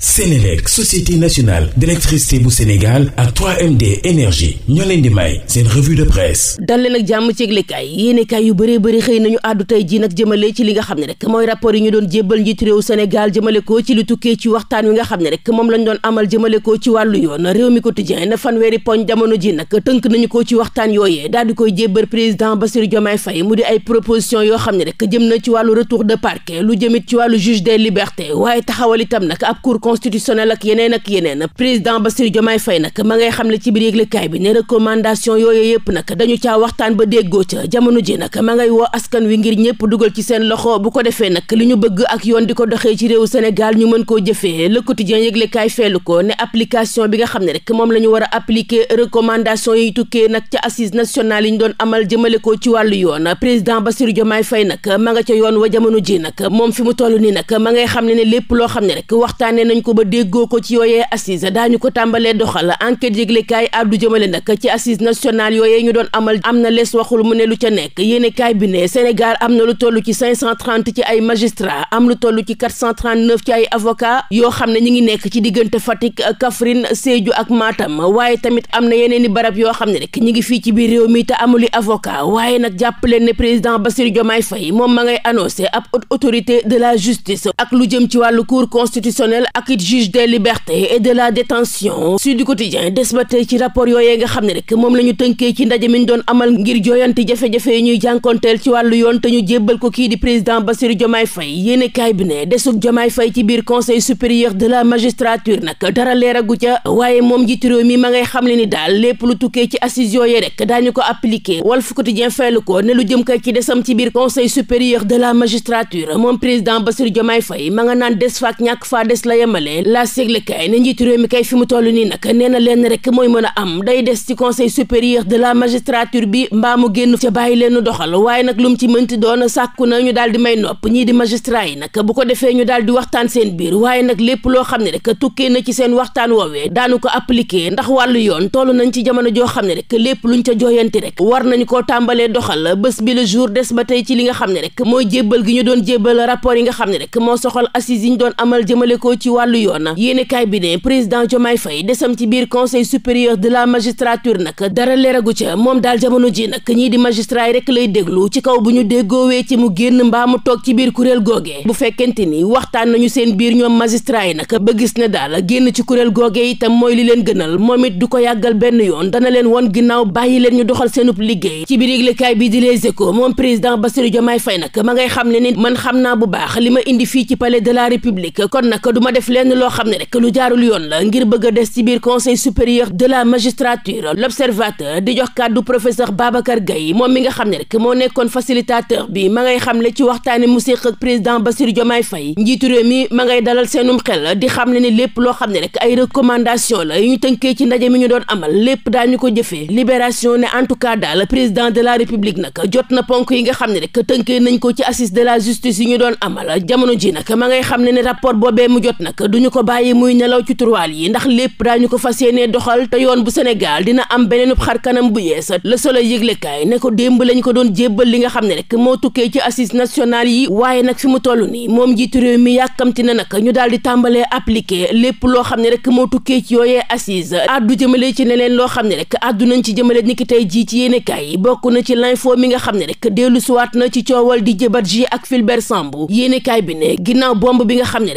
Sénélec société nationale d'électricité bu Sénégal ak 3MD ñoo di may de presse dal leen ak jàmm ci yëglekaay yéenekaay yu bëree bëri xëy nañu àddu tey ji nag jëmale ci li nga xam ne rek mooy rapport yi ñu doon jébbal njiitu réew Sénégal jëmale ko ci lu tukkee ci waxtaan wi nga xam ne rek moom lañ doon amal jëmale ko ci wàllu yoon réew mi ko quotidien na fanweeri poñ jamono ji nag tënk nañu ko ci waxtaan yooyee daal di koy jébbal président Bassirou Diomaye Faye mu di ay proposition yoo xam ne rek jëm na ci wàllu retour de parquet lu jëmit ci wàllu juge des libertés waaye taxawal itam nag ab cour constitutionnel ak yeneen ak yeneen président Bassirou Diomaye Faye nag ma ngay xam ba déggoo ca jamono ji ma ngay woo askan wi bi nga xam ne rek a appliquer recommandation yi tukkee nag ca assise nationale yi ñu yoon wa jamono ji nag moom fi mu toll nii nag ma ngay xam ne ne lépp loo xam ne rek waxtaanee nañ nañ ko ba déggoo ko ci yooyee assise daañu ko tàmbalee doxal enquête yëglekaay àddu jëmale nag ci assise nationale yooyee ñu doon amal am na lees waxul mu ne lu ca nekk yéenekaay bi ne Sénégal am na lu toll ci ci ay magistrats am lu toll ci ci ay avocats yoo xam ne ñu ngi nekk ci diggante Fatick Kaffrine Sédhiou ak Matam waaye tamit am na yeneen i barab yoo xam ne rek ñu ngi fii ci biir réew mi te amuli avocat waaye nag jàppaleen ne président Bassirou Diomaye ak juge des libertés et de la détention Sud Quotidien des ba tey ci rapport yooyee nga xam ne rek moom la tënkee ci ndaje mi ñu doon amal ngir jooyanti jafe-jafe yi ñuy jànkonteel ci wàllu yoon te ñu jébbal ko kii di président Bassirou Diomaye Faye yéene kaay bi ne desug Diomaye Faye ci biir conseil supérieur de la magistrature nag dara leeragu ca waaye moom jiitu réew mi ma ngay xam le ni daal lépp lu tukkee ci assises yooyee rek daañu ko ko ne lu jëm kay ci desam jëmale laas yëglekaay ne njiitu réew mi kay fi mu toll nii nag nee na leen mooy mën a am day des ci conseil supérieur de la magistrature bi mbaa mu génn ca bàyyi leen doxal waaye nag lu mu ci mënti doon sàkku na ñu di may nopp ñii di magistrat yi nag bu ko defee ñu daal di waxtaan seen biir waaye nag lépp loo xam ne rek tukkee na ci seen waxtaan woowee daanu ko appliqué ndax wàllu yoon toll nañ ci jamono joo xam ne rek lépp luñ ca jooyanti rek ba tey ci li nga xam ne rek mooy jébbal yi nga xam ne wàllu yoon yéenekaay bi ne président Diomaye Faye desam ci biir conseil supérieur de la magistrature nag dara leeragu ca moom daal jamono ji nag ñii di magistrat yi rek lay déglu ci kaw bu ñu déggoowee ci mu génn mbaa mu toog ci biir kuréel googee bu fekkente ni waxtaan nañu seen biir ñoom magistrat yi nag ba gis ne daal génn ci kuréel googee itam mooy li leen gënal moom it du ko yàggal benn yoon dana leen won ginnaaw bàyyi leen ñu doxal seenub liggéey ci biir yëglekaay bi di Les Échos moom président Bassirou Diomaye Faye nag ma ngay xam ne ni man xam naa bu baax li ma indi fii ci palais de lenn loo xam ne rek lu jaarul yoon la ngir bëgg a des ci biir conseil supérieur de la magistrature l'observateur di jox kàddu professeur Babacar Gueye moom mi nga xam ne rek moo nekkoon facilitateur bi ma ngay xamle ci waxtaani mu séq ak président Bassirou Diomaye Faye njiitu réew mi ma ngay dalal seenum xel di xamle ne lépp loo xam ne rek ay recommandation la yu ñu tënkee ci ndaje mi ñu doon amal lépp daañu ko jëfee libération ne en tout cas daal président de la république nag jot na ponk yi nga la justice yi ñu doon amal duñu ko bàyyi muy nelaw ci turwaal yi ndax lépp daañu ko fa yéenee doxal te yoon bu Sénégal dina am beneenub xar kanam bu yees Le Soleil yëglekaay ne ko démb lañ ko doon jébbal li nga xam ne rek moo tukkee ci assises nationale yi waaye nag fi mu toll nii moom jiitu réew mi yàkkamti na nag ñu daal di tàmbalee appliquer lépp loo xam ne rek moo tukkee ci yooyee assises addu jëmale ci ne leen loo xam ne rek addu nañ ci jëmale nikk tey jii ci yéenekaay yi bokk na ci l'info mi nga xam ne rek dellu suwaat na ci coowal Didier Badji ak Fulbert Sambou yéenekaay bi ne ginnaaw bomb bi nga xam ne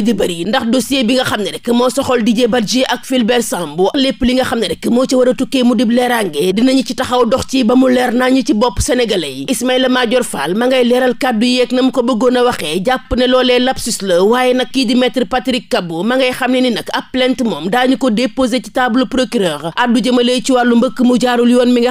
bi di bëri ndax dossier bi nga xam ne rek moo soxol Didier Badji ak Fulbert Sambou lépp li nga xam ne rek moo ci war a tukkee mu dib leeraange dinañu ci taxaw dox ci ba mu leer naa ñu ci bopp sénégalais yi Ismaïla Madior Fall ma ngay leeral kàddu yeeg na mu ko bëggoon a waxee jàpp ne loolee lapsus la waaye nag kii di maître Patrick Kabou ma ngay xam ne ni nag ab plainte moom daañu ko déposé ci table procureur addu jëmale ci wàllu mbëkk mu jaarul yoon mi nga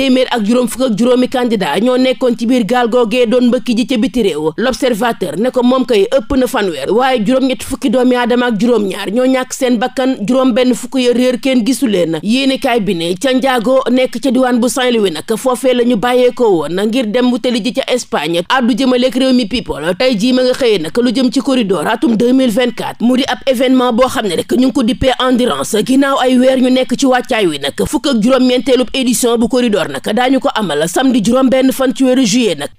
téeméer ak juróom fukk ak juróomi candidat ñoo nekkoon ci biir gaal googee doon mbëkki ji ca biti réew l'observateur ne ko moom kay ëpp na fanweer waaye juróom-ñett fukki doom aadama ak juróom-ñaar ñoo ñàkk seen bakkan juróom benn fukk ya réer kenn gisu leen yéenekaay bi ne ca njaago nekk ca diwaan bu saint wi nag foofee la ñu bàyyeekoo woon ngir dem wutali ji ca Espagne addu jëmaleek réew mi people tey jii ma nga xëyee nag lu jëm ci corridor atum 2024 mu di ab événement boo xam ne rek ñu ngi ko dippee endurance ginnaaw ay weer ñu nekk ci wàccaay wi nag fukk ak juróom édition bu corridor nag daañu ko amal samedi juróom benn fan ci weeru juillet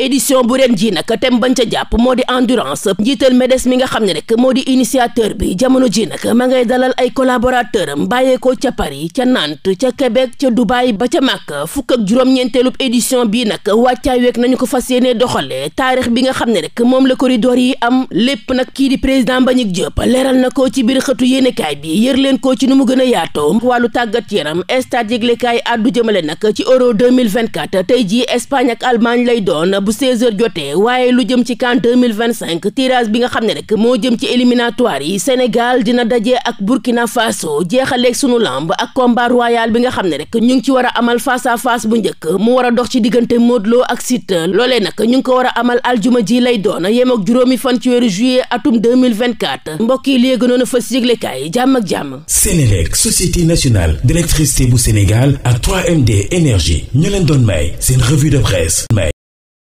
bu ren ji nag tem bañ ca jàpp moo di endurance njiital MEDES mi nga xam ne rek moo di initiateur bi jamono ji nag ma ngay dalal ay collaborateur am bàyyeekoo ca Paris ca Nantes ca Québec ca Dubaï ba ca Makka fukk ak juróom ñeenteelu édition bii nag wàccaay week nañu ko fas yéene doxalee taarix bi nga xam ne rek moom la corridor yi am lépp nag kii di président Mbagnick Diop leeral na ko ci biir xëtu yéenekaay bi yër leen ko ci nu mu gën a yaatoo wàllu tàggat yaram stade yëglekaay 2024 tey jii Espagne ak Allemagne lay doon bu 16 jotee waaye lu jëm ci CAN 2025 tirage bi nga xam ne rek moo jëm ci éliminatoire yi Sénégal dina daje ak Burkina Faso jeexaleeg sunu lamb ak combat royal bi nga xam ne rek ñu ngi ci war a amal face à bu njëkk mu war a dox ci diggante Modou Lo ak Siteu loolee nag ñu ngi ko war a amal aljuma ji lay doon yem ak juróomi fan ci weeru juillet atum 2024 mbokk yi léegi noonu fas yëglekaay jàmm ak jàmm Sénélec société nationale d'électricité bu Sénégal ak 3MD énergie ñu leen doon may seen revue de presse may